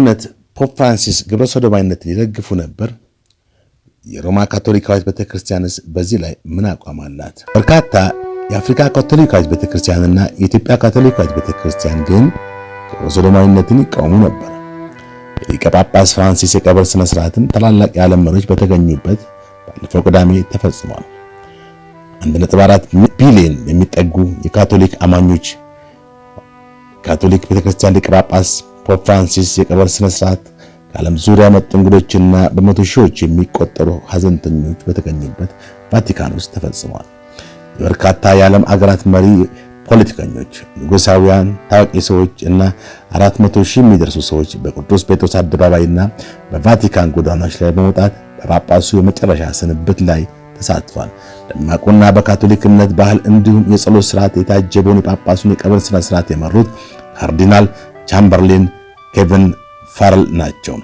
እውነት ፖፕ ፍራንሲስ ግብረ ሰዶማዊነትን ይደግፉ ነበር? የሮማ ካቶሊካዊት ቤተክርስቲያንስ በዚህ ላይ ምን አቋም አላት? በርካታ የአፍሪካ ካቶሊካዊት ቤተክርስቲያንና የኢትዮጵያ ካቶሊካዊት ቤተክርስቲያን ግን ግብረ ሰዶማዊነትን ይቃወሙ ነበር። የሊቀ ጳጳስ ፍራንሲስ የቀብር ስነ ስርዓትም ታላላቅ የዓለም መሪዎች በተገኙበት ባለፈው ቅዳሜ ተፈጽሟል። 1.4 ቢሊዮን የሚጠጉ የካቶሊክ አማኞች ካቶሊክ ቤተክርስቲያን ሊቀ ጳጳስ ፖፕ ፍራንሲስ የቀብር ስነ ስርዓት ከዓለም ዙሪያ መጡ እንግዶችና በመቶ ሺዎች የሚቆጠሩ ሀዘንተኞች በተገኙበት ቫቲካን ውስጥ ተፈጽመዋል። የበርካታ የዓለም አገራት መሪ፣ ፖለቲከኞች፣ ንጉሳውያን፣ ታዋቂ ሰዎች እና 400 ሺህ የሚደርሱ ሰዎች በቅዱስ ጴጥሮስ አደባባይና በቫቲካን ጎዳናዎች ላይ በመውጣት በጳጳሱ የመጨረሻ ስንብት ላይ ተሳትፏል። ደማቁና በካቶሊክነት ባህል እንዲሁም የጸሎት ስርዓት የታጀበውን የጳጳሱን የቀብር ስነ ስርዓት የመሩት ካርዲናል ቻምበርሊን ኬቪን ፋርል ናቸው።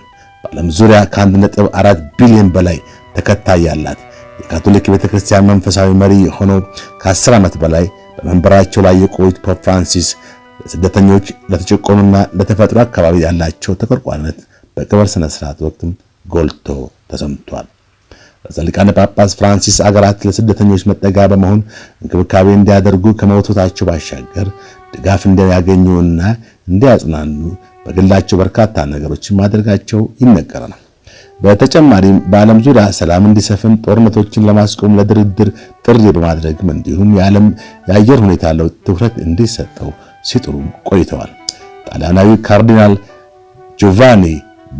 በዓለም ዙሪያ ከ1.4 ቢሊዮን በላይ ተከታይ ያላት የካቶሊክ ቤተ ክርስቲያን መንፈሳዊ መሪ የሆነው ከ10 ዓመት በላይ በመንበራቸው ላይ የቆዩት ፖፕ ፍራንሲስ ለስደተኞች ለተጨቆኑና ለተፈጥሮ አካባቢ ያላቸው ተቆርቋሪነት በቅበር ስነ ስርዓት ወቅትም ጎልቶ ተሰምቷል። ርዕሰ ጳጳስ ፍራንሲስ አገራት ለስደተኞች መጠጋ በመሆን እንክብካቤ እንዲያደርጉ ከመውቶታቸው ባሻገር ድጋፍ እንዲያገኙና እንዲያጽናኑ በግላቸው በርካታ ነገሮችን ማድረጋቸው ይነገራል። በተጨማሪም በዓለም ዙሪያ ሰላም እንዲሰፍን ጦርነቶችን ለማስቆም ለድርድር ጥሪ በማድረግም እንዲሁም የዓለም የአየር ሁኔታ ለውጥ ትኩረት እንዲሰጠው ሲጥሩ ቆይተዋል። ጣሊያናዊ ካርዲናል ጆቫኒ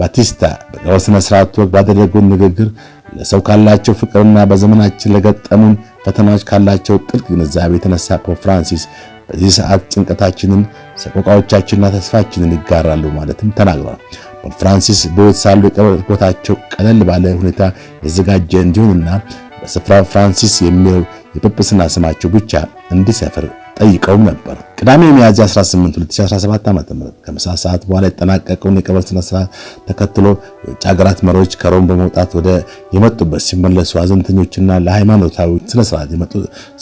ባቲስታ በጋው ስነ ስርዓቱ ወቅት ባደረጉት ንግግር ለሰው ካላቸው ፍቅርና በዘመናችን ለገጠሙን ፈተናዎች ካላቸው ጥልቅ ግንዛቤ የተነሳ ፖፕ ፍራንሲስ በዚህ ሰዓት ጭንቀታችንን፣ ሰቆቃዎቻችንና ተስፋችንን ይጋራሉ ማለትም ተናግሯል። ፖፕ ፍራንሲስ በሕይወት ሳሉ የቀብር ቦታቸው ቀለል ባለ ሁኔታ የተዘጋጀ እንዲሆንና በስፍራ ፍራንሲስ የሚለው የጵጵስና ስማቸው ብቻ እንዲሰፍር ጠይቀውም ነበር። ቅዳሜ ሚያዝያ 18 2017 ዓ.ም ከምሳ ሰዓት በኋላ የተጠናቀቀውን የቀብር ስነ ስርዓት ተከትሎ የውጭ ሀገራት መሪዎች ከሮም በመውጣት ወደ የመጡበት ሲመለሱ፣ አዘንተኞችና ለሃይማኖታዊ ስነ ስርዓት የመጡ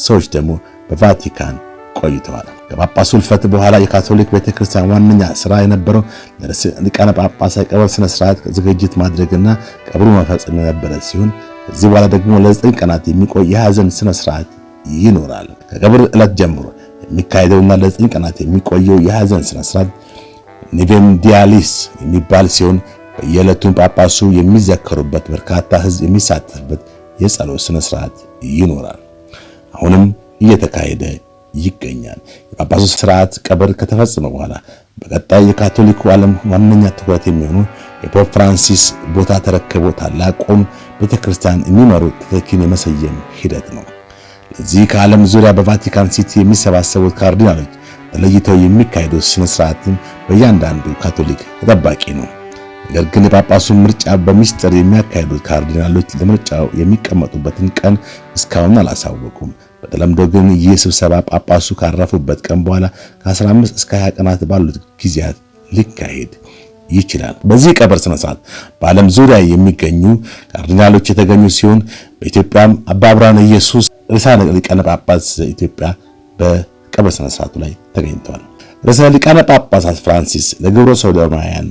ሰዎች ደግሞ በቫቲካን ቆይተዋል። ከጳጳሱ ውልፈት በኋላ የካቶሊክ ቤተክርስቲያን ዋነኛ ስራ የነበረው ለርዕሰ ሊቃነ ጳጳሳት የቀብር ስነ ስርዓት ዝግጅት ማድረግና ቀብሩ መፈጸም የነበረ ሲሆን ከዚህ በኋላ ደግሞ ለዘጠኝ ቀናት የሚቆይ የሐዘን ስነ ስርዓት ይኖራል። ከቀብር ዕለት ጀምሮ የሚካሄደውና ለዘጠኝ ቀናት የሚቆየው የሐዘን ስነ ስርዓት ኒቬንዲያሊስ የሚባል ሲሆን በየዕለቱን ጳጳሱ የሚዘከሩበት በርካታ ህዝብ የሚሳተፍበት የጸሎት ስነ ስርዓት ይኖራል። አሁንም እየተካሄደ ይገኛል። የጳጳሱ ስርዓት ቀብር ከተፈጸመ በኋላ በቀጣይ የካቶሊኩ ዓለም ዋነኛ ትኩረት የሚሆኑ የፖፕ ፍራንሲስ ቦታ ተረክቦ ታላቁን ቤተክርስቲያን የሚመሩ ተተኪን የመሰየም ሂደት ነው። ለዚህ ከዓለም ዙሪያ በቫቲካን ሲቲ የሚሰባሰቡት ካርዲናሎች ተለይተው የሚካሄዱ ስነ ስርዓትን በእያንዳንዱ ካቶሊክ ተጠባቂ ነው። ነገር ግን የጳጳሱን ምርጫ በሚስጥር የሚያካሄዱት ካርዲናሎች ለምርጫው የሚቀመጡበትን ቀን እስካሁን አላሳወቁም። በተለምዶ ግን ይህ ስብሰባ ጳጳሱ ካረፉበት ቀን በኋላ ከ15 እስከ 20 ቀናት ባሉት ጊዜያት ሊካሄድ ይችላል። በዚህ ቀብር ስነ ስርዓት በዓለም ዙሪያ የሚገኙ ካርዲናሎች የተገኙ ሲሆን በኢትዮጵያም አባ ብርሃነ ኢየሱስ ርዕሰ ሊቃነ ጳጳስ ኢትዮጵያ በቀብር ስነ ስርዓቱ ላይ ተገኝተዋል። ርዕሰ ሊቃነ ጳጳሳት ፍራንሲስ ለግብረ ሰዶማውያን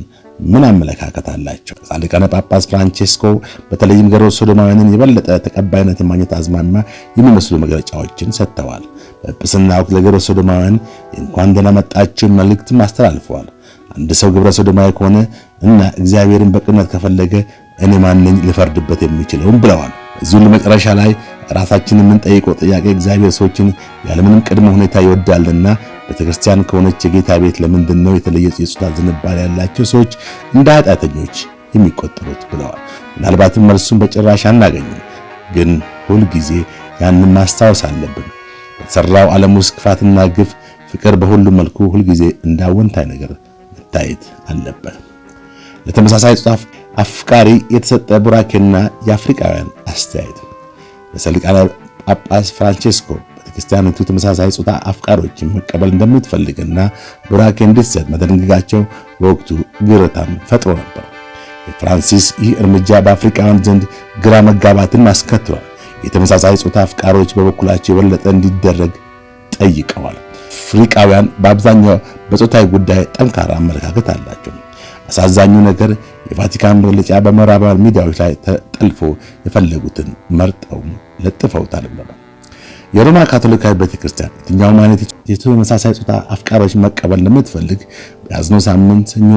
ምን አመለካከት አላቸው? ጻድቃነ ጳጳስ ፍራንቼስኮ በተለይም ገሮ ሶዶማውያንን የበለጠ ተቀባይነት የማግኘት አዝማሚያ የሚመስሉ መግለጫዎችን ሰጥተዋል። በጵጵስና ወቅት ለገሮ ሶዶማውያን እንኳን ደህና መጣችሁ መልእክትም አስተላልፈዋል። አንድ ሰው ግብረ ሶዶማዊ ከሆነ እና እግዚአብሔርን በቅድመት ከፈለገ እኔ ማንኝ ልፈርድበት የሚችለውም ብለዋል። እዚሁ ለመጨረሻ ላይ ራሳችንን የምንጠይቀው ጥያቄ እግዚአብሔር ሰዎችን ያለምንም ቅድመ ሁኔታ ይወዳልና ቤተክርስቲያን ከሆነች የጌታ ቤት ለምንድን ነው የተለየ የጾታ ዝንባሌ ያላቸው ሰዎች እንደ ኃጢአተኞች የሚቆጠሩት ብለዋል። ምናልባትም መልሱን በጭራሽ አናገኝም፣ ግን ሁልጊዜ ያንን ማስታወስ አለብን። በተሰራው ዓለም ውስጥ ክፋትና ግፍ፣ ፍቅር በሁሉም መልኩ ሁልጊዜ እንዳወንታይ ነገር መታየት አለበት። ለተመሳሳይ ጾታ አፍቃሪ የተሰጠ ቡራኬና የአፍሪካውያን አስተያየት ለሰሊቃነ ጳጳስ ፍራንቼስኮ ቤተክርስቲያኒቱ ተመሳሳይ ጾታ አፍቃሪዎችን መቀበል እንደምትፈልግና ቡራኬ እንድትሰጥ መደንግጋቸው በወቅቱ ግርታን ፈጥሮ ነበር። የፍራንሲስ ይህ እርምጃ በአፍሪካውያን ዘንድ ግራ መጋባትን አስከትሏል። የተመሳሳይ ጾታ አፍቃሪዎች በበኩላቸው የበለጠ እንዲደረግ ጠይቀዋል። አፍሪካውያን በአብዛኛው በጾታዊ ጉዳይ ጠንካራ አመለካከት አላቸው። አሳዛኙ ነገር የቫቲካን መግለጫ በምዕራባውያን ሚዲያዎች ላይ ተጠልፎ የፈለጉትን መርጠው ለጥፈውታል። የሮማ ካቶሊካዊ ቤተክርስቲያን የትኛውም አይነት የተመሳሳይ ጾታ አፍቃሪዎች መቀበል ለምትፈልግ በያዝነው ሳምንት ሰኞ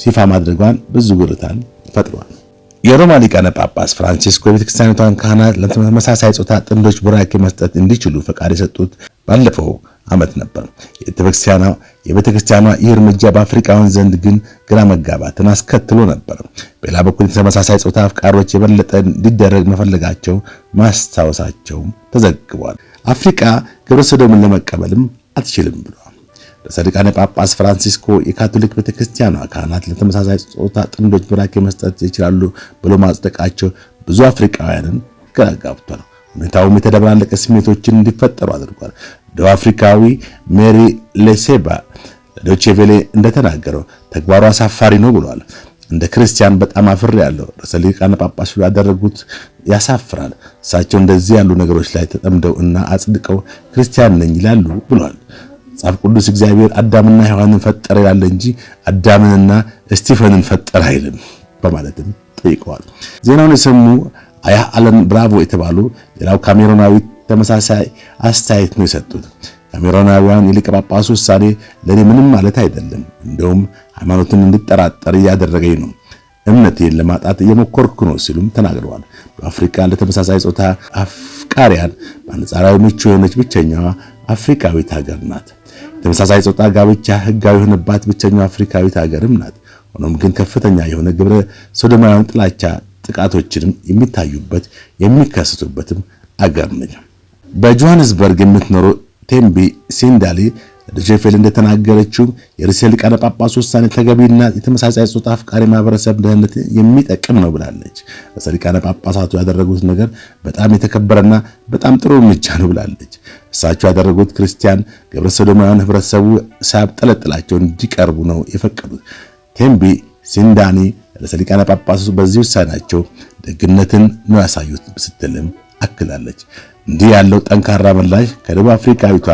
ሲፋ ማድረጓን ብዙ ውርታን ፈጥሯል። የሮማ ሊቃነ ጳጳስ ፍራንሲስኮ የቤተክርስቲያኒቷን ካህናት ለተመሳሳይ ጾታ ጥንዶች ቡራኬ መስጠት እንዲችሉ ፈቃድ የሰጡት ባለፈው ዓመት ነበር። የቤተክርስቲያኗ የቤተ ክርስቲያኗ ይህ እርምጃ በአፍሪካውያን ዘንድ ግን ግራ መጋባትን አስከትሎ ነበር። በሌላ በኩል የተመሳሳይ ጾታ አፍቃሪዎች የበለጠ እንዲደረግ መፈለጋቸው ማስታወሳቸው ተዘግቧል። አፍሪካ ግብረ ሰዶምን ለመቀበልም አትችልም ብሏል። ርዕሰ ጳጳስ ፍራንሲስኮ የካቶሊክ ቤተክርስቲያኗ ካህናት ለተመሳሳይ ጾታ ጥንዶች ቡራኬ መስጠት ይችላሉ ብሎ ማጽደቃቸው ብዙ አፍሪካውያንን ግራ ጋብቷል። ሁኔታውም የተደበላለቀ ስሜቶችን እንዲፈጠሩ አድርጓል። ደቡብ አፍሪካዊ ሜሪ ሌሴባ ዶቼቬሌ እንደተናገረው ተግባሩ አሳፋሪ ነው ብሏል። እንደ ክርስቲያን በጣም አፍሬ ያለው ርዕሰ ሊቃነ ጳጳሱ ያደረጉት ያሳፍራል። እሳቸው እንደዚህ ያሉ ነገሮች ላይ ተጠምደው እና አጽድቀው ክርስቲያን ነኝ ይላሉ ብሏል። መጽሐፍ ቅዱስ እግዚአብሔር አዳምና ሔዋንን ፈጠረ ያለ እንጂ አዳምንና እስቲፈንን ፈጠረ አይልም በማለትም ጠይቀዋል። ዜናውን የሰሙ አያ አለን ብራቮ የተባሉ ሌላው ካሜሮናዊ ተመሳሳይ አስተያየት ነው የሰጡት። ካሜሮናውያን ይልቅ ጳጳሱ ውሳኔ ለእኔ ምንም ማለት አይደለም፣ እንደውም ሃይማኖትን እንዲጠራጠር እያደረገኝ ነው እምነቴን ለማጣት እየሞከርኩ ነው ሲሉም ተናግረዋል። በአፍሪካ ለተመሳሳይ ጾታ አፍቃሪያን በአንጻራዊ ምቹ የሆነች ብቸኛዋ አፍሪካዊት ሀገር ናት። ተመሳሳይ ጾታ ጋብቻ ህጋዊ የሆነባት ብቸኛዋ አፍሪካዊት ሀገርም ናት። ሆኖም ግን ከፍተኛ የሆነ ግብረ ሶዶማውያን ጥላቻ ጥቃቶችንም የሚታዩበት የሚከሰቱበትም አገር ነች። በጆሃንስበርግ የምትኖረው ቴምቢ ሲንዳሊ ለጀፌል እንደተናገረችው የርዕሰ ሊቃነ ጳጳስ ውሳኔ ተገቢና የተመሳሳይ ጾታ አፍቃሪ ማህበረሰብ ደህንነት የሚጠቅም ነው ብላለች። ርዕሰ ሊቃነ ጳጳሳቱ ያደረጉት ነገር በጣም የተከበረና በጣም ጥሩ እርምጃ ነው ብላለች። እሳቸው ያደረጉት ክርስቲያን ግብረ ሰዶማውያን ህብረተሰቡ ሳያብጠለጥላቸው እንዲቀርቡ ነው የፈቀዱት። ቴምቢ ሲንዳኒ ርዕሰ ሊቃነ ጳጳሳቱ በዚህ ውሳኔያቸው ደግነትን ነው ያሳዩት ስትልም አክላለች። እንዲህ ያለው ጠንካራ ምላሽ ከደቡብ አፍሪካዊቷ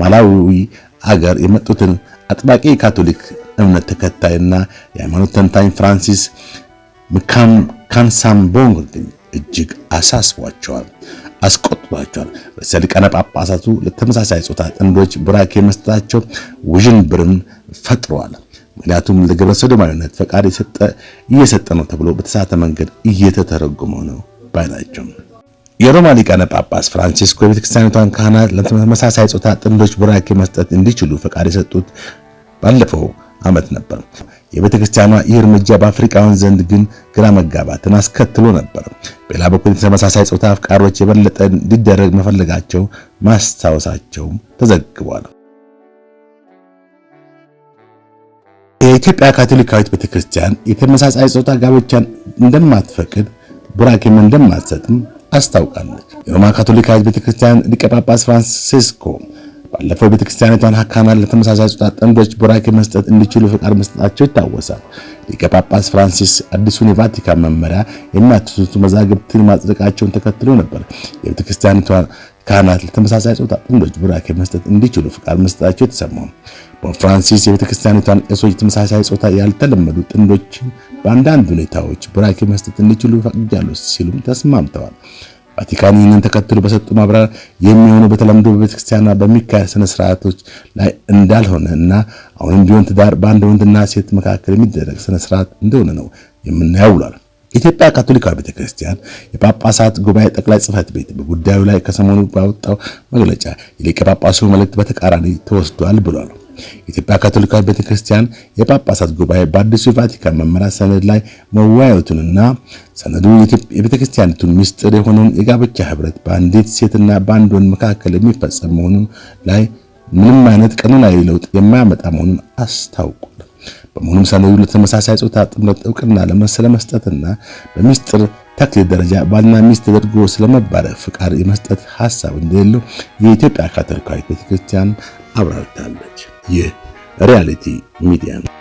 ማላዊ አገር የመጡትን አጥባቂ ካቶሊክ እምነት ተከታይና የሃይማኖት ተንታኝ ፍራንሲስ ካንሳምቦንግ እጅግ አሳስቧቸዋል፣ አስቆጥቷቸዋል። ርዕሰ ሊቃነ ጳጳሳቱ ለተመሳሳይ ጾታ ጥንዶች ቡራኬ መስጠታቸው ውዥንብርን ፈጥሯል። ምክንያቱም ለግብረ ሰዶማዊነት ፈቃድ እየሰጠ ነው ተብሎ በተሳተ መንገድ እየተተረጎመ ነው ባይናቸው። የሮማ ሊቃነ ጳጳስ ፍራንሲስኮ የቤተክርስቲያኒቷን ካህናት ለተመሳሳይ ጾታ ጥንዶች ቡራኬ መስጠት እንዲችሉ ፈቃድ የሰጡት ባለፈው ዓመት ነበር። የቤተክርስቲያኗ ይህ እርምጃ በአፍሪካውያን ዘንድ ግን ግራ መጋባትን አስከትሎ ነበር። በሌላ በኩል የተመሳሳይ ጾታ አፍቃሪዎች የበለጠ እንዲደረግ መፈለጋቸው ማስታወሳቸውም ተዘግቧል። የኢትዮጵያ ካቶሊካዊት ቤተክርስቲያን የተመሳሳይ ጾታ ጋብቻን እንደማትፈቅድ ቡራኬም እንደማትሰጥም አስታውቃለች። የሮማ ካቶሊካዊት ቤተክርስቲያን ሊቀ ጳጳስ ፍራንሲስኮ ባለፈው ቤተክርስቲያኒቷን ሀካማን ለተመሳሳይ ጾታ ጥንዶች ቡራኬ መስጠት እንዲችሉ ፍቃድ መስጠታቸው ይታወሳል። ሊቀ ጳጳስ ፍራንሲስ አዲሱን የቫቲካን መመሪያ የሚያትቱት መዛግብትን ማጽደቃቸውን ተከትሎ ነበር የቤተክርስቲያኒቷ ካህናት ለተመሳሳይ ጾታ ጥንዶች ቡራኬ መስጠት እንዲችሉ ፍቃድ መስጠታቸው የተሰማው። በፍራንሲስ ፍራንሲስ የቤተ ክርስቲያኒቷን ቄሶች ተመሳሳይ ጾታ ያልተለመዱ ጥንዶችን በአንዳንድ ሁኔታዎች ቡራኬ መስጠት እንዲችሉ ፈቅጃሉ ሲሉም ተስማምተዋል። ቫቲካን ይህንን ተከትሎ በሰጡ ማብራሪያ የሚሆኑ በተለምዶ በቤተክርስቲያኗ በሚካሄድ ስነ ስርዓቶች ላይ እንዳልሆነ እና አሁንም ቢሆን ትዳር በአንድ ወንድና ሴት መካከል የሚደረግ ስነ ስርዓት እንደሆነ ነው የምናየው ብሏል። የኢትዮጵያ ካቶሊካዊ ቤተክርስቲያን የጳጳሳት ጉባኤ ጠቅላይ ጽህፈት ቤት በጉዳዩ ላይ ከሰሞኑ ባወጣው መግለጫ የሊቀ ጳጳሱ መልእክት በተቃራኒ ተወስዷል ብሏል። የኢትዮጵያ ካቶሊካዊ ቤተክርስቲያን የጳጳሳት ጉባኤ በአዲሱ የቫቲካን መመሪያ ሰነድ ላይ መወያየቱንና ሰነዱ የቤተክርስቲያኒቱን ምስጢር የሆነውን የጋብቻ ህብረት በአንዲት ሴትና በአንድ ወንድ መካከል የሚፈጸም መሆኑን ላይ ምንም አይነት ቀኖናዊ ለውጥ የማያመጣ መሆኑን አስታውቋል። በመሆኑም ሰነዱ ለተመሳሳይ ጾታ ጥምረት እውቅና ለመስጠትና በምስጢር ተክል ደረጃ ባልና ሚስት ተደርጎ ስለመባረክ ፍቃድ የመስጠት ሀሳብ እንደሌለው የኢትዮጵያ ካቶሊካዊት ቤተክርስቲያን አብራርታለች። ይህ ሪያሊቲ ሚዲያ ነው።